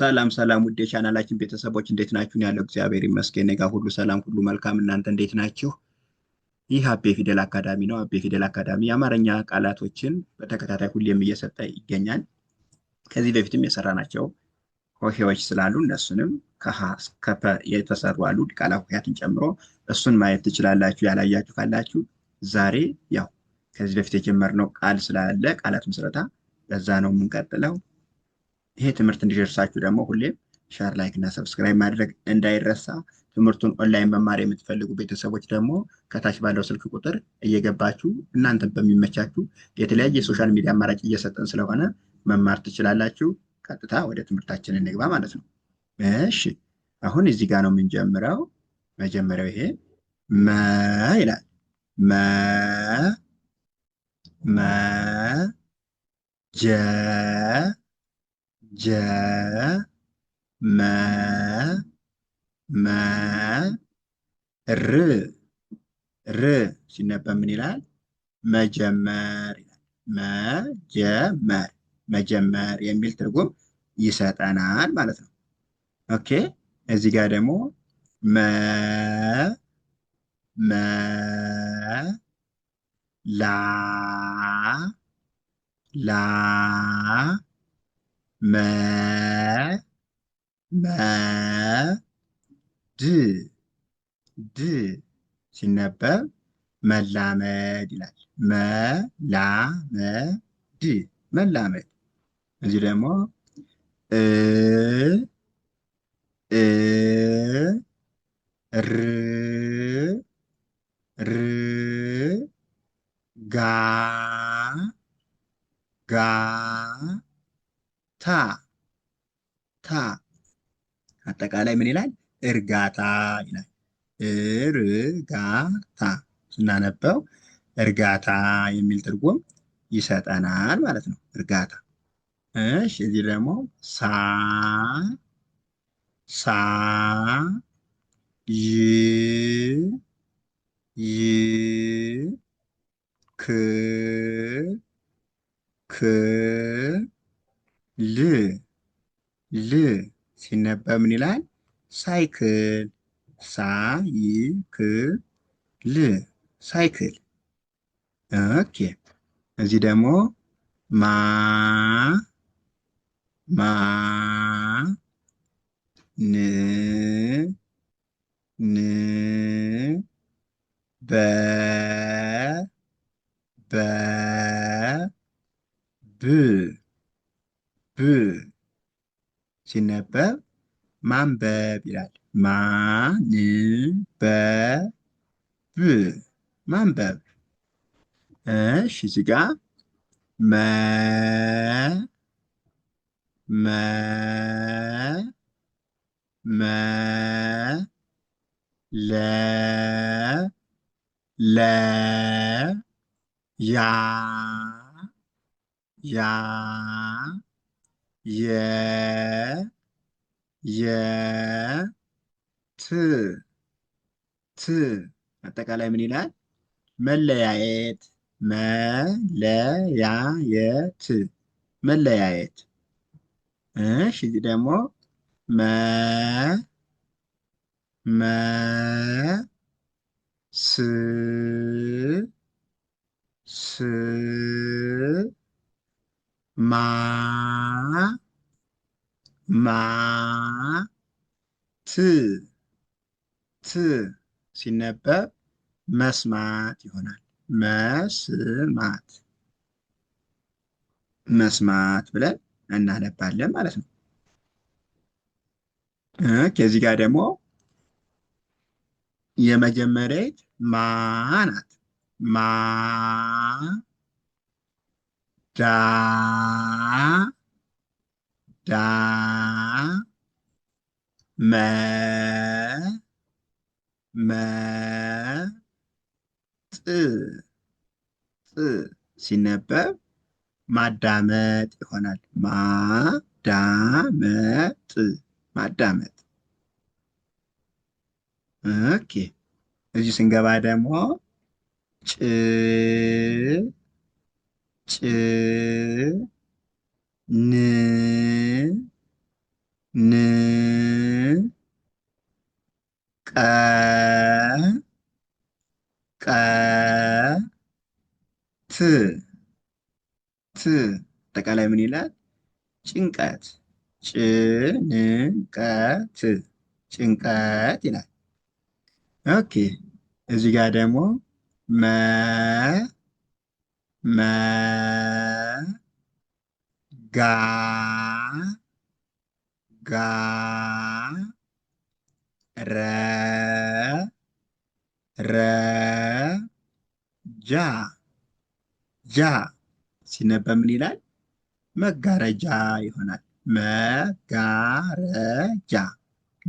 ሰላም ሰላም ውድ የቻናላችን ቤተሰቦች እንዴት ናችሁን? ያለው እግዚአብሔር ይመስገን ጋር ሁሉ ሰላም ሁሉ መልካም። እናንተ እንዴት ናችሁ? ይህ አቤ ፊደል አካዳሚ ነው። አቤ ፊደል አካዳሚ የአማርኛ ቃላቶችን በተከታታይ ሁሌም እየሰጠ ይገኛል። ከዚህ በፊትም የሰራናቸው ሆሄዎች ስላሉ እነሱንም ከሀ እስከ ፐ የተሰሩ አሉ ቃላ ሆሄያትን ጨምሮ እሱን ማየት ትችላላችሁ ያላያችሁ ካላችሁ። ዛሬ ያው ከዚህ በፊት የጀመርነው ቃል ስላለ ቃላት ምስረታ በዛ ነው የምንቀጥለው። ይሄ ትምህርት እንዲደርሳችሁ ደግሞ ሁሌም ሸር፣ ላይክ እና ሰብስክራይብ ማድረግ እንዳይረሳ። ትምህርቱን ኦንላይን መማር የምትፈልጉ ቤተሰቦች ደግሞ ከታች ባለው ስልክ ቁጥር እየገባችሁ እናንተን በሚመቻችሁ የተለያየ የሶሻል ሚዲያ አማራጭ እየሰጠን ስለሆነ መማር ትችላላችሁ። ቀጥታ ወደ ትምህርታችን እንግባ ማለት ነው። እሺ አሁን እዚህ ጋር ነው የምንጀምረው። መጀመሪያው ይሄ መ ይላል መ መ ጀ ጀ መ መ ር ር ሲነበብ ምን ይላል? መጀመር ይላል። መጀመር መጀመር የሚል ትርጉም ይሰጠናል ማለት ነው። ኦኬ እዚህ ጋር ደግሞ መ መ ላ ላ መ መ ድ ድ ሲነበብ መላመድ ይላል። መላመድ መላመድ። እዚህ ደግሞ እ እ ር ር ጋ ጋ ታ ታ አጠቃላይ ምን ይላል? እርጋታ ይላል። እርጋታ ስናነበው እርጋታ የሚል ትርጉም ይሰጠናል ማለት ነው። እርጋታ። እሺ እዚህ ደግሞ ሳ ሳ ይ ይ ክ ክ ል ል ሲነበብ ምን ይላል? ሳይክል ሳይክል ሳይክል። ኦኬ እዚህ ደግሞ ማ ማ ን ን በ በ ብ ብ ሲነበብ ማንበብ ይላል። ማንበብ ማንበብ። እሺ እዚህ ጋ መ መ መ ለ ለ ያ ያ የ የ ት ት አጠቃላይ ምን ይላል? መለያየት መለያየት መለያየት። እሺ እዚህ ደግሞ መ መ ስ ስ ማ ማ ት ት ሲነበብ መስማት ይሆናል። መስማት መስማት ብለን እናነባለን ማለት ነው። ከዚህ ጋር ደግሞ የመጀመሪያት ማ ናት ማ ዳ ዳ መ መ ጥ ጥ ሲነበብ ማዳመጥ ይሆናል። ማዳመጥ ማዳመጥ። ኦኬ እዚህ ስንገባ ደግሞ ጭ ጭ ን ን ቀ ቀ ት ት አጠቃላይ ምን ይላል? ጭንቀት ጭንቀት ጭንቀት ይላል። ኦኬ እዚህ ጋር ደግሞ መ መ ጋ ጋ ረ ረ ጃ ጃ ሲነበብ ምን ይላል? መጋረጃ ይሆናል። መጋረጃ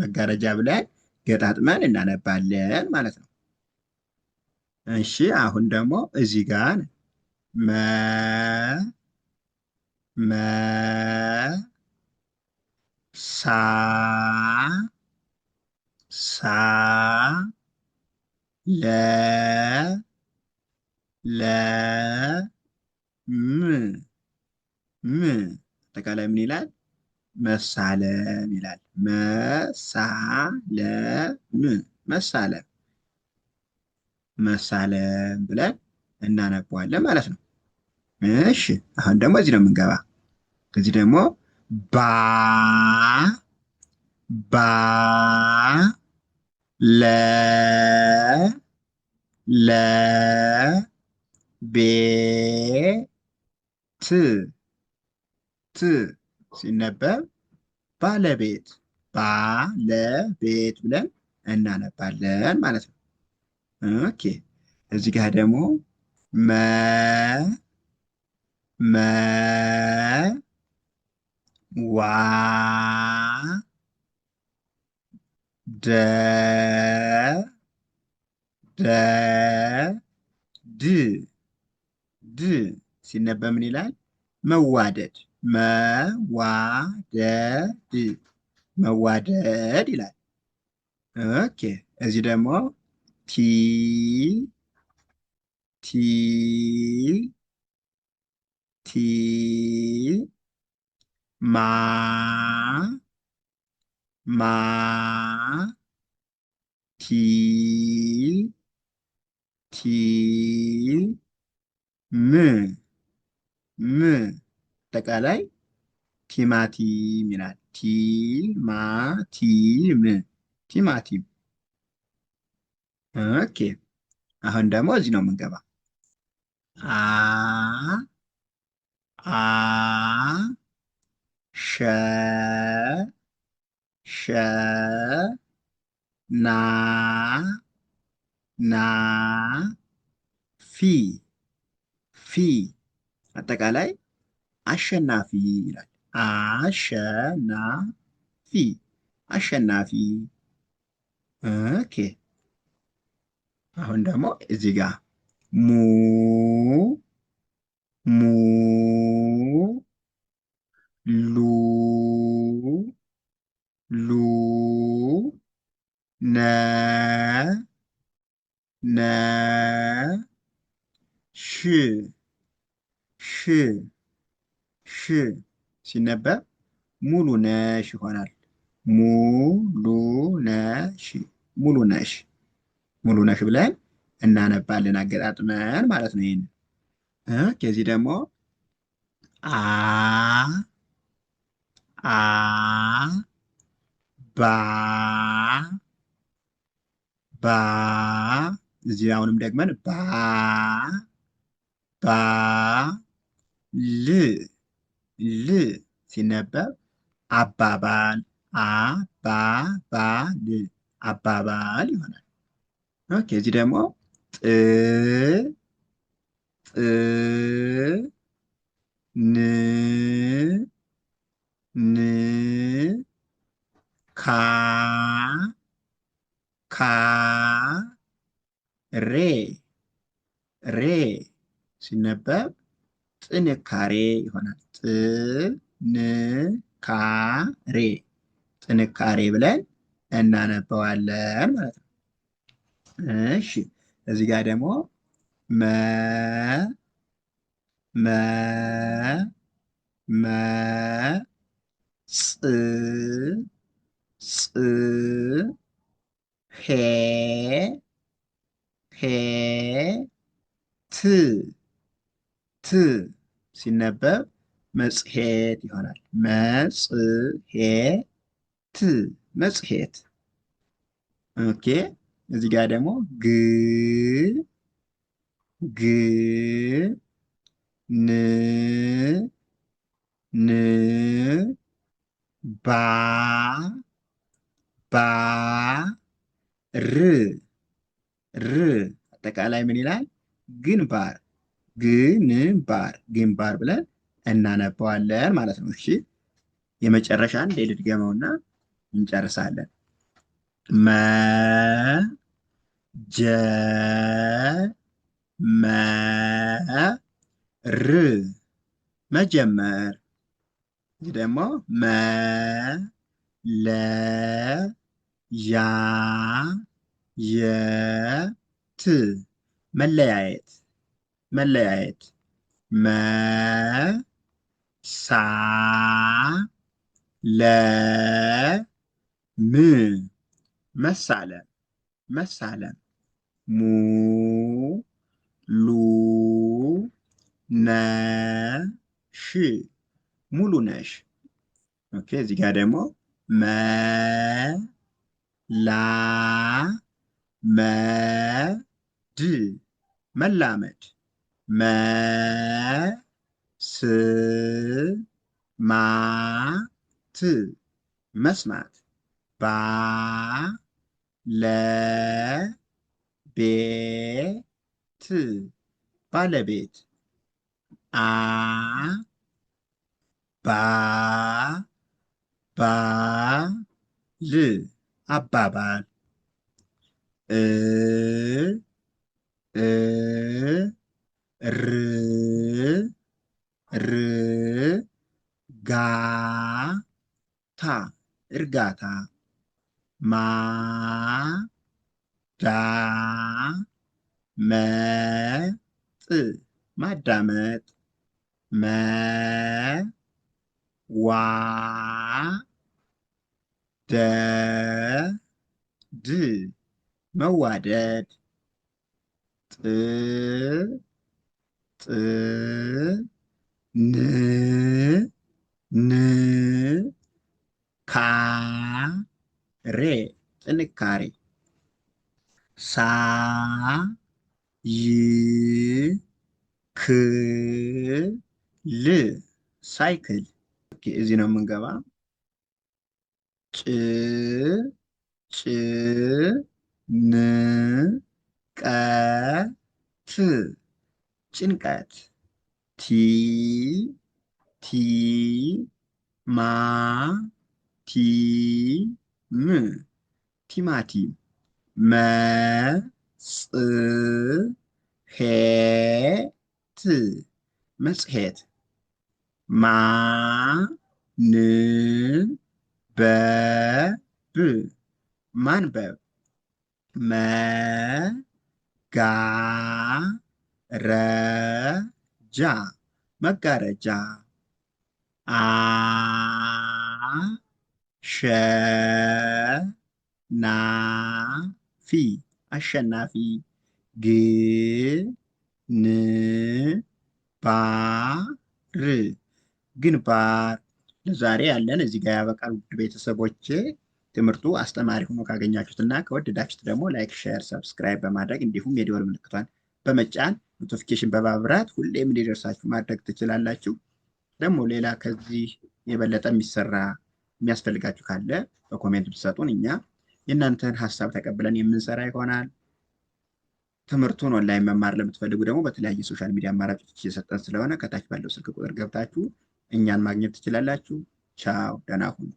መጋረጃ ብለን ገጣጥመን እናነባለን ማለት ነው። እሺ አሁን ደግሞ እዚህ ጋር መ መ ሳ ሳ ለ ለ ም ም አጠቃላይ ምን ይላል? መሳለም ይላል። መሳለም መሳለም መሳለም ብለን እናነባዋለን ማለት ነው። እሺ አሁን ደግሞ እዚህ ነው የምንገባ። እዚህ ደግሞ ባ ባ ለ ለ ቤት ት ት ሲነበብ ባለቤት ባለቤት ብለን እናነባለን ማለት ነው። ኦኬ እዚህ ጋር ደግሞ መ መ ዋ ደ ደ ድ ድ ሲነበብ ምን ይላል? መዋደድ መዋደድ መዋደድ ይላል። ኦኬ እዚህ ደግሞ ቲ ቲ ቲ ማ ማ ቲ ቲ ም ም አጠቃላይ ቲማቲም ይላል። ም ቲማቲም። ኦኬ አሁን ደግሞ እዚህ ነው የምንገባ አ ሸ ሸ ና ና ፊ ፊ አጠቃላይ አሸናፊ ይላል። አሸናፊ አሸናፊ። ኦኬ አሁን ደግሞ እዚህ ጋር ሙ ሙ ሉ ሉ ነ ነ ሽ ሽ ሽ ሲነበብ ሙሉ ነሽ ይሆናል። ሙሉ ነሽ ሙሉ ነሽ ሙሉ ነሽ ብለን እናነባለን አገጣጥመን ማለት ነው ይህንን ከዚህ ደግሞ አ አ ባ ባ እዚህ አሁንም ደግመን ባ ባ ል ል ሲነበብ አባባል አባባል አባባል ይሆናል። ኦኬ እዚህ ደግሞ ጥ ጥ ን ን ካ ካ ሬ ሬ ሲነበብ ጥንካሬ ይሆናል። ጥንካሬ ጥንካሬ ብለን እናነበዋለን ማለት ነው። እሺ እዚህ ጋር ደግሞ መ መ መ ጽ ጽ ሄ ሄ ት ት ሲነበብ መጽሔት ይሆናል። መጽሔት መጽሔት። ኦኬ እዚህ ጋር ደግሞ ግ ግ ን ን ባ ባ ር ር አጠቃላይ ምን ይላል? ግንባር ግንባር ግንባር ብለን እናነባዋለን ማለት ነው። እሺ የመጨረሻ አንድ ልድገመውና እንጨርሳለን። መ ጀ ما ر مجمر ما لا يا ي ت ملايات ملايات ما سا لا م مسالم مسالم مو ሉነሽ ሙሉ ነሽ። ኦኬ እዚህ ጋር ደግሞ መላመድ መላመድ መስማት መስማት ቤ ት ባለቤት አ ባ ባ ል አባባል እ እ ር ር ጋ ታ እርጋታ ማ ዳ መጥ ማዳመጥ መ ዋ ደ ድ መዋደድ ጥ ጥ ን ን ካ ሬ ጥንካሬ ሳ ይክል ሳይክል። እዚህ ነው የምንገባ። ጭ ጭንቀት ቲ ቲ ማ ቲ ም ቲማቲም መ ጽሄት መጽሄት ማ ን ማንበብ መጋረጃ መጋረጃ አሸናፊ ሸ ና ፊ አሸናፊ ግ ን ባ ር ግንባር። ለዛሬ ያለን እዚህ ጋር ያበቃል። ውድ ቤተሰቦቼ ትምህርቱ አስተማሪ ሆኖ ካገኛችሁት እና ከወደዳችሁት ደግሞ ላይክ፣ ሼር፣ ሰብስክራይብ በማድረግ እንዲሁም የደወል ምልክቷን በመጫን ኖቲፊኬሽን በማብራት ሁሌም እንዲደርሳችሁ ማድረግ ትችላላችሁ። ደግሞ ሌላ ከዚህ የበለጠ የሚሰራ የሚያስፈልጋችሁ ካለ በኮሜንት ብትሰጡን እኛ የእናንተን ሀሳብ ተቀብለን የምንሰራ ይሆናል። ትምህርቱን ኦንላይን መማር ለምትፈልጉ ደግሞ በተለያየ ሶሻል ሚዲያ አማራጮች እየሰጠን ስለሆነ ከታች ባለው ስልክ ቁጥር ገብታችሁ እኛን ማግኘት ትችላላችሁ። ቻው፣ ደህና ሁኑ።